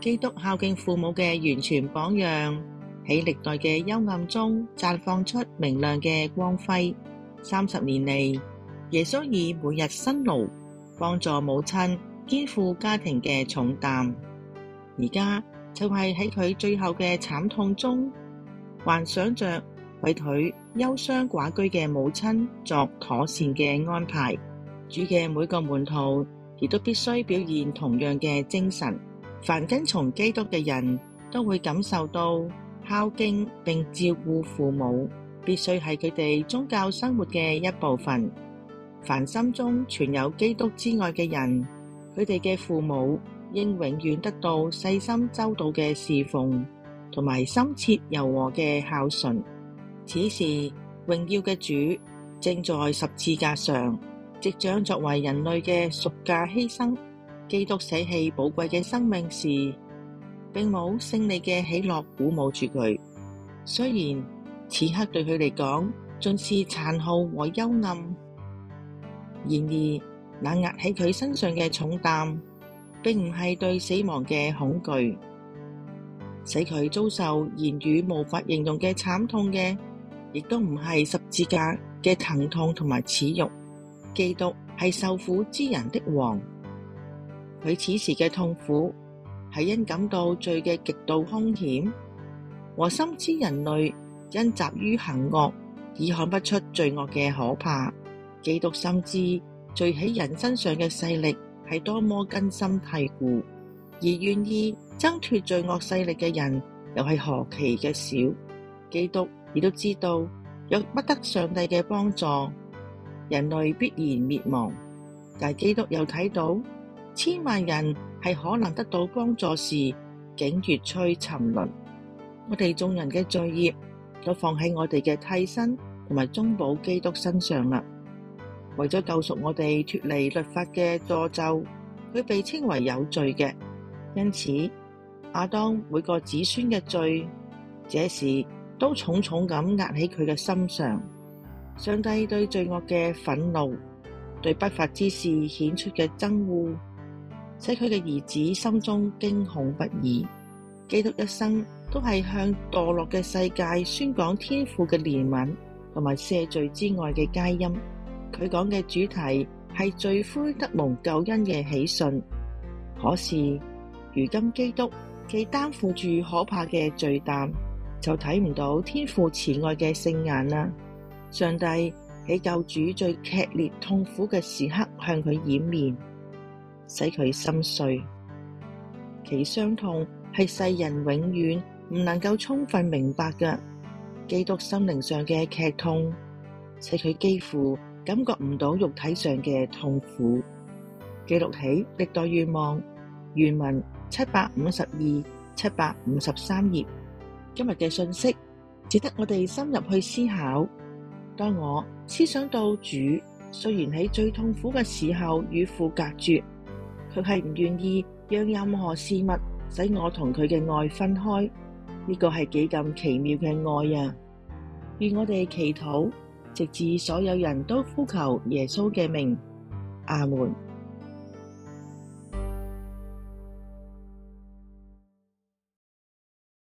基督孝敬父母嘅完全榜樣，喺歷代嘅幽暗中綻放出明亮嘅光輝。三十年嚟，耶穌以每日辛勞幫助母親肩負家庭嘅重擔。而家就係喺佢最後嘅慘痛中，還想着為佢憂傷寡居嘅母親作妥善嘅安排。主嘅每個門徒亦都必須表現同樣嘅精神。凡跟從基督嘅人都會感受到孝敬並照顧父母，必須係佢哋宗教生活嘅一部分。凡心中存有基督之愛嘅人，佢哋嘅父母應永遠得到細心周到嘅侍奉，同埋深切柔和嘅孝順。此時，榮耀嘅主正在十字架上，即將作為人類嘅贖價犧牲。基督捨棄寶貴嘅生命時，並冇勝利嘅喜樂鼓舞住佢。雖然此刻對佢嚟講盡是殘酷和幽暗，然而那壓喺佢身上嘅重擔，並唔係對死亡嘅恐懼，使佢遭受言語無法形容嘅慘痛嘅，亦都唔係十字架嘅疼痛同埋恥辱。基督係受苦之人的王。佢此時嘅痛苦係因感到罪嘅極度凶險，和深知人類因習於行惡而看不出罪惡嘅可怕。基督深知罪喺人身上嘅勢力係多麼根深蒂固，而願意掙脱罪惡勢力嘅人又係何其嘅少。基督亦都知道若不得上帝嘅幫助，人類必然滅亡。但係基督又睇到。千萬人係可能得到幫助時，景越趨沉淪。我哋眾人嘅罪孽，都放喺我哋嘅替身同埋中保基督身上啦。為咗救贖我哋脫離律法嘅助咒，佢被稱為有罪嘅。因此，亞當每個子孫嘅罪，這時都重重咁壓喺佢嘅心上。上帝對罪惡嘅憤怒，對不法之事顯出嘅憎惡。使佢嘅兒子心中驚恐不已。基督一生都係向墮落嘅世界宣講天父嘅憐憫同埋赦罪之愛嘅佳音。佢講嘅主題係罪魁得蒙救恩嘅喜訊。可是如今基督既擔負住可怕嘅罪擔，就睇唔到天父慈愛嘅聖眼啦。上帝喺救主最劇烈痛苦嘅時刻向佢掩面。使佢心碎，其傷痛係世人永遠唔能夠充分明白嘅。基督心靈上嘅劇痛，使佢幾乎感覺唔到肉體上嘅痛苦。記錄起歷代願望，原文七百五十二、七百五十三頁。今日嘅信息值得我哋深入去思考。當我思想到主，雖然喺最痛苦嘅時候與父隔絕。佢係唔願意讓任何事物使我同佢嘅愛分開，呢個係幾咁奇妙嘅愛啊！願我哋祈禱，直至所有人都呼求耶穌嘅名。阿門。